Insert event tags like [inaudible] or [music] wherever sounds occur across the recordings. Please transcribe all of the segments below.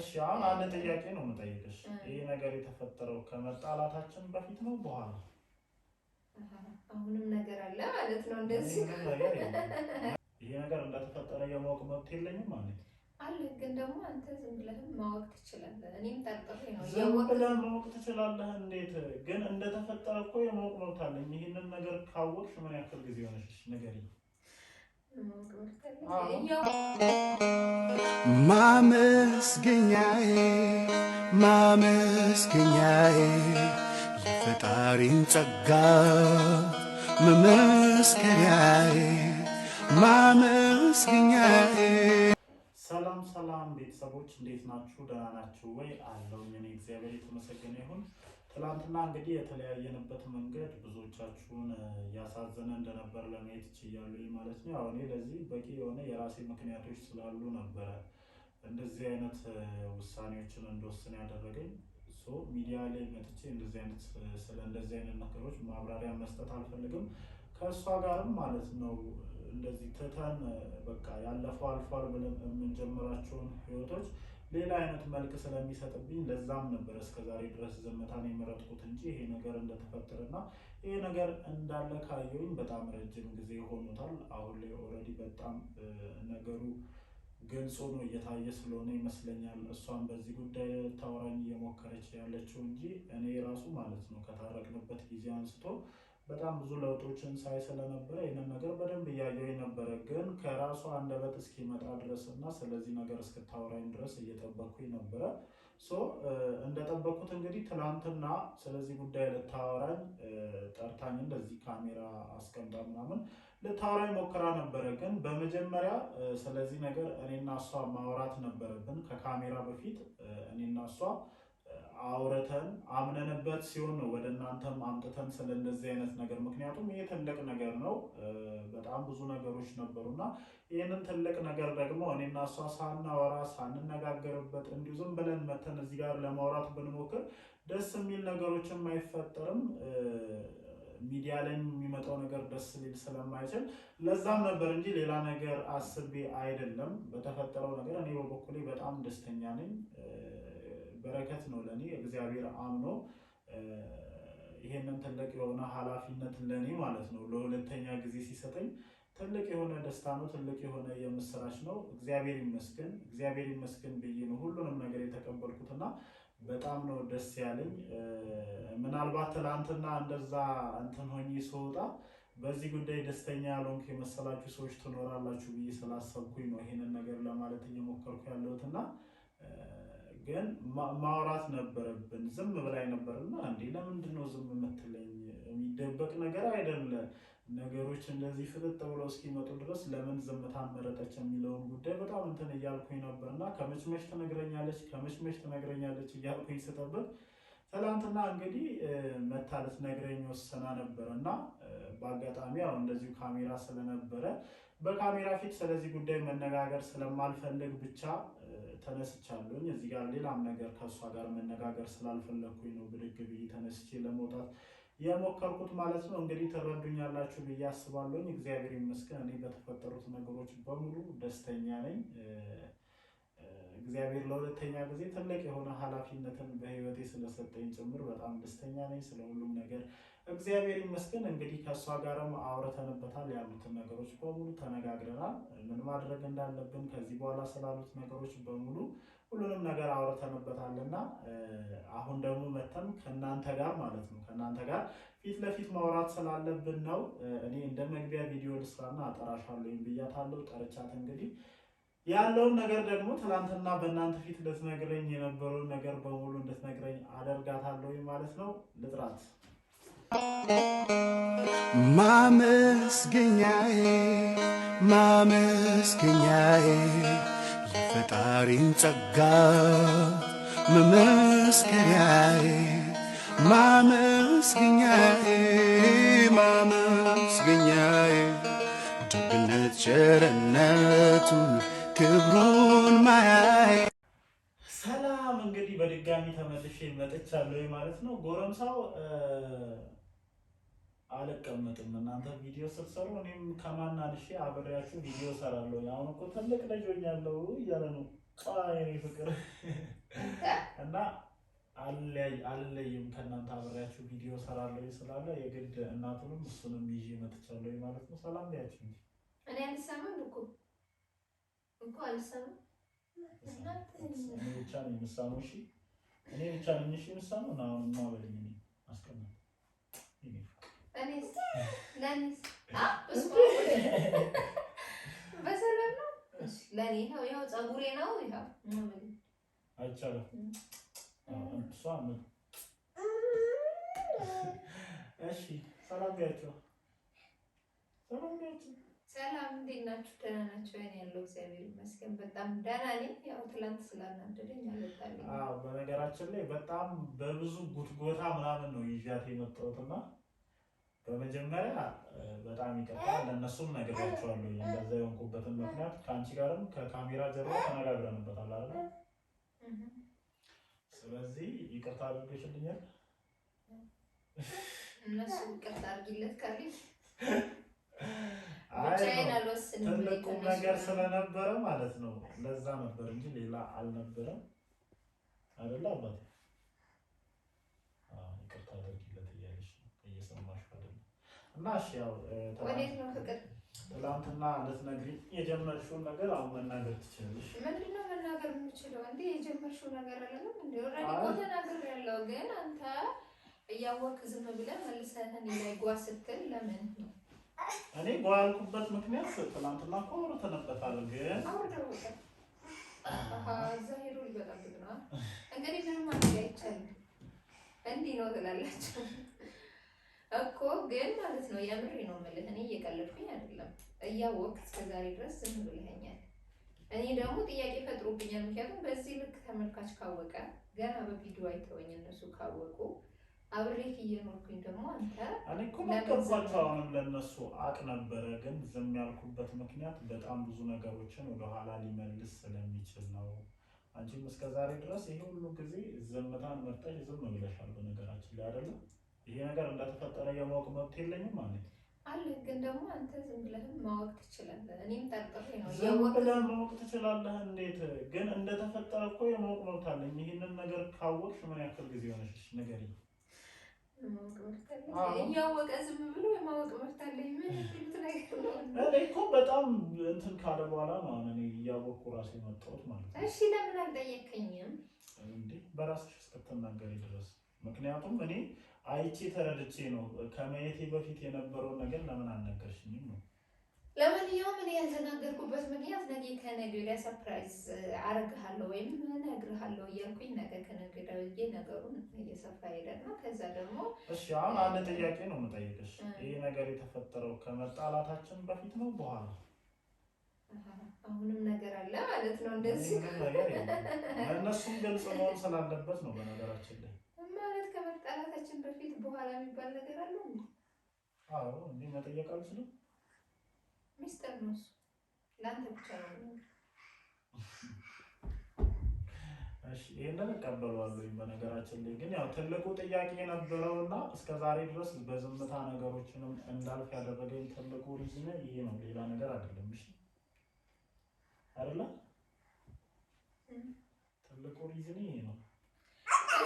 እሺ አሁን አንድ ጥያቄ ነው የምጠይቅሽ። ይሄ ነገር የተፈጠረው ከመጣላታችን በፊት ነው በኋላ? አሁንም ነገር አለ ማለት ነው። እንደዚህ ይሄ ነገር እንደተፈጠረ የማወቅ መብት የለኝም ማለት አለ። ግን ደግሞ አንተ ዝም ብለህም ማወቅ ትችላለህ። እኔም ጠርጥሬ ነው። ዝም ብለህ ማወቅ ትችላለህ? እንዴት ግን እንደተፈጠረ እኮ የማወቅ መብት አለኝ። ይህንን ነገር ካወቅሽ ምን ያክል ጊዜ ሆነሽ? ንገሪኝ። ማመስገኛዬ ማመስገኛዬ የፈጣሪን ጸጋ መመስከሪያዬ ማመስገኛዬ። ሰላም ሰላም ቤተሰቦች እንዴት ናችሁ? ደህና ናችሁ ወይ? አለው እኔ እግዚአብሔር የተመሰገነ ይሁን። ትላንትና እንግዲህ የተለያየንበት መንገድ ብዙዎቻችሁን ያሳዘነ እንደነበር ለማየት ችያለሁ ማለት ነው። አሁን ለዚህ በቂ የሆነ የራሴ ምክንያቶች ስላሉ ነበረ እንደዚህ አይነት ውሳኔዎችን እንደወስን ያደረገኝ ሚዲያ ላይ መጥቼ እንደዚህ አይነት ስለ እንደዚህ አይነት ነገሮች ማብራሪያ መስጠት አልፈልግም። ከእሷ ጋርም ማለት ነው እንደዚህ ትተን በቃ ያለፈው አልፏል ብለን የምንጀምራቸውን ህይወቶች ሌላ አይነት መልክ ስለሚሰጥብኝ ለዛም ነበር እስከዛሬ ድረስ ዝምታን የመረጥኩት እንጂ ይሄ ነገር እንደተፈጠረና ይሄ ነገር እንዳለ ካየሁኝ በጣም ረጅም ጊዜ ሆኖታል። አሁን ላይ ኦልሬዲ በጣም ነገሩ ግልጽ ሆኖ እየታየ ስለሆነ ይመስለኛል እሷን በዚህ ጉዳይ ታወራኝ እየሞከረች ያለችው እንጂ እኔ ራሱ ማለት ነው ከታረቅንበት ጊዜ አንስቶ በጣም ብዙ ለውጦችን ሳይ ስለነበረ ይህንን ነገር በደንብ እያየው ነበረ። ግን ከራሷ አንደበት እስኪመጣ ድረስ እና ስለዚህ ነገር እስክታወራኝ ድረስ እየጠበኩኝ ነበረ። ሶ እንደጠበኩት እንግዲህ ትናንትና ስለዚህ ጉዳይ ልታወራኝ ጠርታኝ እንደዚህ ካሜራ አስቀምጣ ምናምን ልታወራ ሞክራ ነበረ። ግን በመጀመሪያ ስለዚህ ነገር እኔና እሷ ማውራት ነበረብን። ከካሜራ በፊት እኔና እሷ አውረተን አምነንበት ሲሆን ነው ወደ እናንተም አምጥተን ስለ አይነት ነገር ምክንያቱም ይሄ ትልቅ ነገር ነው። በጣም ብዙ ነገሮች ነበሩና ይህንን ትልቅ ነገር ደግሞ እኔና እሷ ሳናወራ ሳንነጋገርበት እንዲሁ ዝም ብለን መተን እዚህ ጋር ለማውራት ብንሞክር ደስ የሚል ነገሮችም አይፈጠርም። ሚዲያ ላይ የሚመጣው ነገር ደስ ሊል ስለማይችል ለዛም ነበር እንጂ ሌላ ነገር አስቤ አይደለም። በተፈጠረው ነገር እኔ በበኩሌ በጣም ደስተኛ ነኝ። በረከት ነው ለእኔ እግዚአብሔር አምኖ ይሄንን ትልቅ የሆነ ኃላፊነት ለእኔ ማለት ነው ለሁለተኛ ጊዜ ሲሰጠኝ ትልቅ የሆነ ደስታ ነው። ትልቅ የሆነ የምስራች ነው። እግዚአብሔር ይመስገን፣ እግዚአብሔር ይመስገን ብዬ ነው ሁሉንም ነገር የተቀበልኩትና በጣም ነው ደስ ያለኝ። ምናልባት ትናንትና እንደዛ እንትን ሆኜ ስወጣ በዚህ ጉዳይ ደስተኛ ያልሆንኩ የመሰላችሁ ሰዎች ትኖራላችሁ ብዬ ስላሰብኩኝ ነው ይሄንን ነገር ለማለት እየሞከርኩ ያለሁት እና ግን ማውራት ነበረብን። ዝም ብላይ ነበርና እንዴ ለምንድን ነው ዝም የምትለኝ? የሚደበቅ ነገር አይደለም ነገሮች እንደዚህ ፍጥጥ ብለው እስኪመጡ ድረስ ለምን ዝምታን መረጠች የሚለውን ጉዳይ በጣም እንትን እያልኩኝ ነበር እና ከመችመሽ ትነግረኛለች ከመችመሽ ትነግረኛለች እያልኩኝ ስጠብቅ ትላንትና እንግዲህ መታለት ነግረኝ ወሰና ነበር እና በአጋጣሚ ያው እንደዚሁ ካሜራ ስለነበረ በካሜራ ፊት ስለዚህ ጉዳይ መነጋገር ስለማልፈልግ ብቻ ተነስቻለሁኝ። እዚህ ጋር ሌላም ነገር ከእሷ ጋር መነጋገር ስላልፈለግኩኝ ነው ብድግ ብዬ ተነስቼ ለመውጣት የሞከርኩት ማለት ነው። እንግዲህ ትረዱኛላችሁ ብዬ አስባለሁኝ። እግዚአብሔር ይመስገን እኔ በተፈጠሩት ነገሮች በሙሉ ደስተኛ ነኝ። እግዚአብሔር ለሁለተኛ ጊዜ ትልቅ የሆነ ኃላፊነትን በህይወቴ ስለሰጠኝ ጭምር በጣም ደስተኛ ነኝ። ስለ ሁሉም ነገር እግዚአብሔር ይመስገን። እንግዲህ ከእሷ ጋርም አውርተንበታል። ያሉትን ነገሮች በሙሉ ተነጋግረናል። ምን ማድረግ እንዳለብን ከዚህ በኋላ ስላሉት ነገሮች በሙሉ ሁሉንም ነገር አውርተንበታልና አሁን ደግሞ መተም ከእናንተ ጋር ማለት ነው ከእናንተ ጋር ፊት ለፊት ማውራት ስላለብን ነው። እኔ እንደ መግቢያ ቪዲዮ ልስራና አጠራሻለሁ ብያታለሁ። ጠርቻት እንግዲህ ያለውን ነገር ደግሞ ትናንትና በእናንተ ፊት ልትነግረኝ የነበረውን ነገር በሙሉ እንድትነግረኝ አደርጋታለሁ ማለት ነው። ልጥራት ማመስገኛዬ ማመስገኛዬ ፈጣሪን ጸጋ መመስከሪያዬ ማመስገኛዬ ማመስገኛዬ ደግነት ቸርነቱን ክብሩን ማያዬ ሰላም። እንግዲህ በድጋሚ ተመልሼ መጥቻለሁ ማለት ነው ጎረምሳው አልቀመጥም። እናንተ ቪዲዮ ስትሰሩ እኔም ከማናንሽ አብሬያችሁ ቪዲዮ ሰራለሁ። አሁን እኮ ትልቅ ልጅ ያለው እያለ ነው ኔ ፍቅር [laughs] እና አልለይም ከእናንተ አብሬያችሁ ቪዲዮ ሰራለሁ ስላለ የግድ እናቱንም እሱንም ይዤ መጥቻለሁ ማለት ነው። ሰላም ያችሁ እኔ አልሰማም እኮ እኮ አልሰማም። እኔ ብቻ ነው የምሰማው። እሺ እኔ ብቻ ነኝ እሺ የምሰማው። አሁን ማበልኝ በልኝ አስቀምጥ [laughs] [laughs] ፀጉሬ ነው። ይኸው አይቻልም። እሷ [laughs] ሰላም እንዴት ናችሁ? ደህና ናችሁ? ያን ያለው እግዚአብሔር ይመስገን በጣም ደህና ነኝ። ያው ትላንት ስላናደደኝ አልወጣልኝ። አዎ፣ በነገራችን ላይ በጣም በብዙ ጉትጎታ ምናምን ነው ይዣት የመጣሁት እና በመጀመሪያ በጣም ይቅርታ ለእነሱም ነግሬያቸዋለሁ። እንደዛ የሆንኩበትን ምክንያት ከአንቺ ጋርም ከካሜራ ጀርባ ተነጋግረንበታል አለ። ስለዚህ ይቅርታ አድርገሽልኛል። እነሱ ይቅርታ አድርጊለት ካልሽ ትልቁም ነገር ስለነበረ ማለት ነው። ለዛ ነበር እንጂ ሌላ አልነበረም። አይደለ አባቴ እና ያው ወዴት ነው ፍቅር? ትላንትና ልትነግሪኝ የጀመርሽውን ነገር አሁን መናገር ትችላለሽ። ምንድን ነው መናገር የምችለው? እንደ የጀመርሽው ነገር አይደለም እንደ ኦልሬዲ እኮ ተናግሬያለሁ። ግን አንተ እያወቅህ ዝም ብለህ መልሰህ እኔ ላይ ጓ ስትል ለምን እኔ ጓ ያልኩበት ምክንያት ትላንትና እኮ አውርተንበታል። ግን አውርተንበታል። እዛ ሄዶ ሊበጣብቅ ነው [laughs] እንግዲህ። ምንም ማድረግ አይቻልም። እንዲህ ነው ትላላቸው እኮ ግን ማለት ነው የምሬ ነው የምልህ። እኔ እየቀለድኩኝ አይደለም፣ እያወቅህ እስከዛሬ ድረስ ዝም ብለኸኛል። እኔ ደግሞ ጥያቄ ፈጥሮብኛል። ምክንያቱም በዚህ ልክ ተመልካች ካወቀ ገና በቪዲዮ አይተወኝ እነሱ ካወቁ አብሬት እየኖርኩኝ ደግሞ አንተ እኔ እኮ መቀባቸው አሁንም ለእነሱ አቅ ነበረ። ግን ዝም ያልኩበት ምክንያት በጣም ብዙ ነገሮችን ወደኋላ ሊመልስ ስለሚችል ነው። አንቺም እስከዛሬ ድረስ ይሄ ሁሉ ጊዜ ዝምታን መርጠሽ ዝም ብለሻል። በነገራችን ላይ አይደለም ይሄ ነገር እንደተፈጠረ የማወቅ መብት የለኝም ማለት አለ። ግን ደግሞ አንተ ዝም ብለህም ማወቅ ትችላለህ። እኔም ጠርጥሬ ነው። ዝም ብለህ ማወቅ ትችላለህ። እንዴት ግን እንደተፈጠረ እኮ የማወቅ መብት አለኝ። ይህንን ነገር ካወቅሽ ምን ያክል ጊዜ ሆነሽ ነገር እያወቀ ዝም ብሎ የማወቅ መብት አለኝ ምን እኔ እኮ በጣም እንትን ካለ በኋላ ነው እኔ እያወቅኩ እራሴ መጣሁት ማለት ነው። እሺ ለምን አልጠየቀኝም? እንዴ በራስሽ እስክትናገሪ ድረስ ምክንያቱም እኔ አይቼ ተረድቼ ነው። ከማየቴ በፊት የነበረው ነገር ለምን አልነገርሽኝም ነው። ለማንኛውም እኔ ያልተናገርኩበት ምክንያት ነገ ከነገ ወዲያ ሰርፕራይዝ አረግሃለሁ ወይም እነግርሃለሁ እያልኩኝ ነገ ከነገ ወዲያ ነገሩን እየሰፋ ከዛ ደግሞ እሺ፣ አሁን አንድ ጥያቄ ነው የምጠይቅሽ። ይህ ነገር የተፈጠረው ከመጣላታችን በፊት ነው በኋላ? አሁንም ነገር አለ ማለት ነው። እንደዚህ ነገር [laughs] እነሱም ገልጽ መሆን ስላለበት ነው በነገራችን ላይ ማለት ከመጣላታችን በፊት በኋላ የሚባል ነገር አለ እንዴ? አዎ፣ እንዴ መጠየቅ አልችልም። ሚስጥር ነው እሱ፣ ለአንተ ብቻ ነው። እሺ፣ ይሄንን እቀበለዋለሁ። በነገራችን ላይ ግን ያው ትልቁ ጥያቄ የነበረውና እስከ ዛሬ ድረስ በዝምታ ነገሮችንም እንዳልፍ ያደረገኝ ትልቁ ሪዝን ይሄ ነው፣ ሌላ ነገር አይደለም። እሺ አይደለ? ትልቁ ሪዝን ይሄ ነው።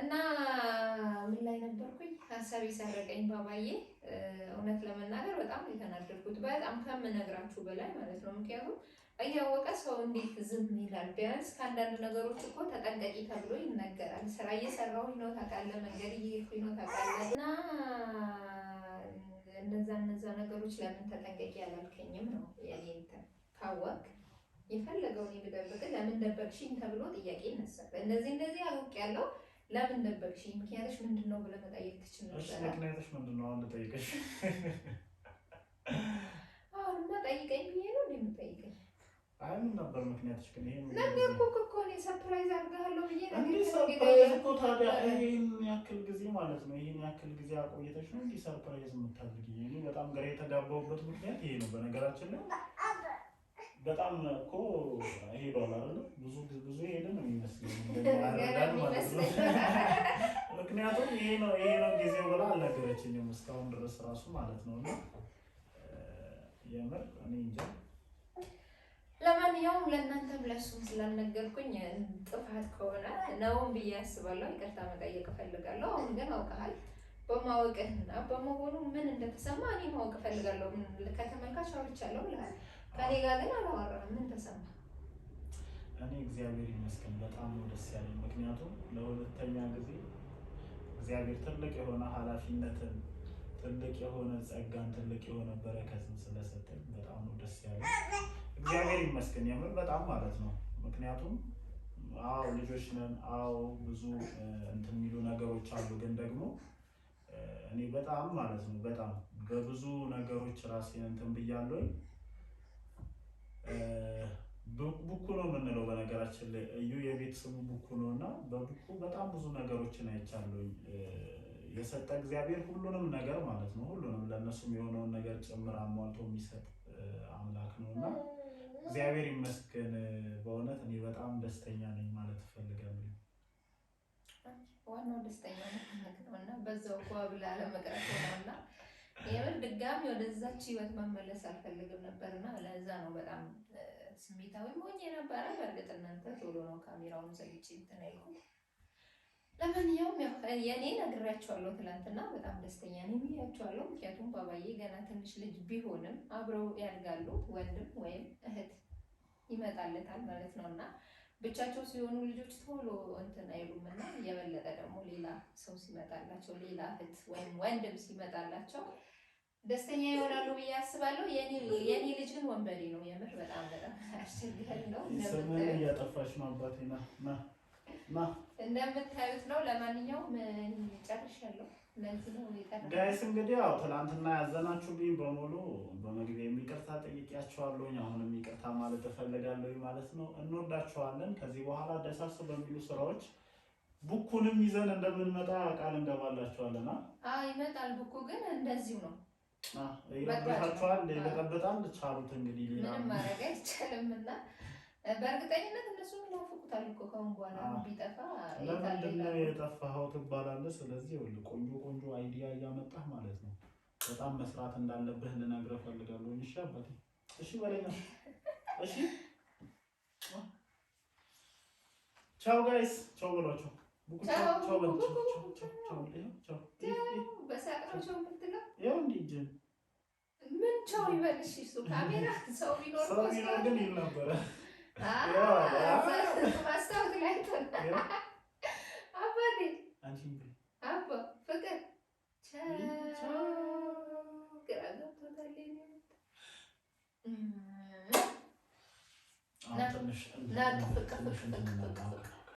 እና ምን ላይ ነበርኩኝ? ሀሳብ የሰረቀኝ ባባዬ እውነት ለመናገር በጣም የተናደድኩት በጣም ከምነግራችሁ በላይ ማለት ነው። ምክንያቱም እያወቀ ሰው እንዴት ዝም ይላል? ቢያንስ ከአንዳንድ ነገሮች እኮ ተጠንቀቂ ተብሎ ይነገራል። ስራ እየሰራሁኝ ነው ታውቃለህ፣ መንገድ እየሄድኩኝ ነው ታውቃለህ። እና እነዛ እነዛ ነገሮች ለምን ተጠንቀቂ አላልከኝም ነው የኔ እንትን ካወቅ የፈለገውን ብደብቅ ለምን ደበቅሽኝ ተብሎ ጥያቄ ይነሳል። እንደዚህ እንደዚህ ያለው ለምን ደበቅሽኝ? ምክንያቶች ምንድን ነው ብለህ መጠየቅ ትችል ነበረ። ምክንያቶች ምንድን ነው? አሁን ልጠይቀሽ። አሁንማ ጠይቀኝ ብዬሽ ነው እንደ የምጠይቀኝ። አይ ምን ነበር ምክንያቶች? ግን ይሄ ነገርኩህ እኮ እኔ ሰርፕራይዝ አድርገሃለሁ ብዬ ነው። ነገር ሰርፕራይዝ እኮ። ታዲያ ይሄን ያክል ጊዜ ማለት ነው ይሄን ያክል ጊዜ አቆየተሽ ነው እንዲህ ሰርፕራይዝ የምታደርጊኝ? እኔ በጣም ግራ የተጋባሁበት ምክንያት ይሄ ነው በነገራችን ላይ በጣም እኮ ሄዷል አይደለ? ብዙ ብዙ ሄደ ነው የሚመስለኝ። [laughs] [laughs] ምክንያቱም ይሄ ነው ይሄ ነው ጊዜው ብላ አልነገረችኝም እስካሁን ድረስ ራሱ ማለት ነው። እና የምር እኔ እንጃ። ለማንኛውም ለእናንተም ለሱም ስላልነገርኩኝ ጥፋት ከሆነ ነውም ብዬ አስባለሁ። ይቅርታ መጠየቅ እፈልጋለሁ። አሁን ግን አውቀሃል በማወቅህና በመሆኑ ምን እንደተሰማ እኔ ማወቅ እፈልጋለሁ። ከተመልካች አውርቻለሁ ብለሃል ከኔ ጋር ግን አላወራም። ምን ተሰማ? እኔ እግዚአብሔር ይመስገን በጣም ነው ደስ ያለኝ። ምክንያቱም ለሁለተኛ ጊዜ እግዚአብሔር ትልቅ የሆነ ኃላፊነትን ትልቅ የሆነ ጸጋን ትልቅ የሆነ በረከትን ስለሰጠኝ በጣም ነው ደስ ያለኝ። እግዚአብሔር ይመስገን የምር በጣም ማለት ነው። ምክንያቱም አዎ ልጆች ነን፣ አዎ ብዙ እንትን የሚሉ ነገሮች አሉ። ግን ደግሞ እኔ በጣም ማለት ነው በጣም በብዙ ነገሮች ራሴን እንትን ብያለሁኝ ቡኩ ነው የምንለው በነገራችን ላይ እዩ የቤት ስሙ ቡኩ ነው እና በቡኩ በጣም ብዙ ነገሮችን አይቻለኝ። የሰጠ እግዚአብሔር ሁሉንም ነገር ማለት ነው። ሁሉንም ለእነሱም የሆነውን ነገር ጭምር አሟልቶ የሚሰጥ አምላክ ነው እና እግዚአብሔር ይመስገን። በእውነት እኔ በጣም ደስተኛ ነኝ ማለት እፈልጋለሁ። ዋናው ደስተኛ ነው እና በዛው ጓብላ ለመቅረት ነው እና የምር ድጋሚ ወደዛች ህይወት መመለስ አልፈልግም ነበርና ለዛ ነው በጣም ስሜታዊ ሆኜ ነበረ። በእርግጥ እናንተ ቶሎ ነው ካሜራውን ዘግቼ እንትን ያልኩት። ለማንኛውም ያው የእኔ ነግራቸዋለሁ። ትላንትና፣ በጣም ደስተኛ ነኝ ብያቸዋለሁ። ምክንያቱም ባባዬ ገና ትንሽ ልጅ ቢሆንም አብረው ያድጋሉ። ወንድም ወይም እህት ይመጣለታል ማለት ነው እና ብቻቸው ሲሆኑ ልጆች ቶሎ እንትን አይሉም እና የበለጠ ደግሞ ሌላ ሰው ሲመጣላቸው ሌላ እህት ወይም ወንድም ሲመጣላቸው ደስተኛ ይሆናሉ ብዬ አስባለሁ። የኔ ልጅ ግን ወንበዴ ነው። የምር በጣም በጣም አስቸጋሪ ነው። እያጠፋች ነው አባቴ ና ና እንደምታዩት ነው። ለማንኛውም ጨርሻለሁ። ጋይስ እንግዲህ ያው ትናንትና ያዘናችሁብኝ በሙሉ በመግቢያ የሚቅርታ ጠይቄያችኋለሁኝ። አሁንም ይቅርታ ማለት እፈልጋለሁኝ ማለት ነው። እንወዳችኋለን። ከዚህ በኋላ ደሳስ በሚሉ ስራዎች ቡኩንም ይዘን እንደምንመጣ ቃል እንገባላችኋለና ይመጣል። ቡኩ ግን እንደዚሁ ነው ይረብሻችኋል፣ ይበጠብጣል። ቻሉት እንግዲህ ምንም ማድረግ አይቻልምና በእርግጠኝነት እነሱ ይናፍቁታል እኮ ከአሁን በኋላ ቢጠፋ ነው የጠፋኸው ትባላለህ። ስለዚህ ይኸውልህ ቆንጆ ቆንጆ አይዲያ እያመጣህ ማለት ነው። በጣም መስራት እንዳለብህ ልነግርህ እፈልጋለሁ። እሺ አባቴ፣ እሺ በለኝ። እሺ ቻው ጋይስ፣ ቻው በሏቸው። ምን ቻው ይበልሽ? እሱ ካሜራ ሰው ቢኖር ግን ይል ነበረ ማስታወቅ ላይ አባቴ አባ ፍቅር ግራ ገብቶታል። ናጡ ፍቅር ፍቅር ፍቅር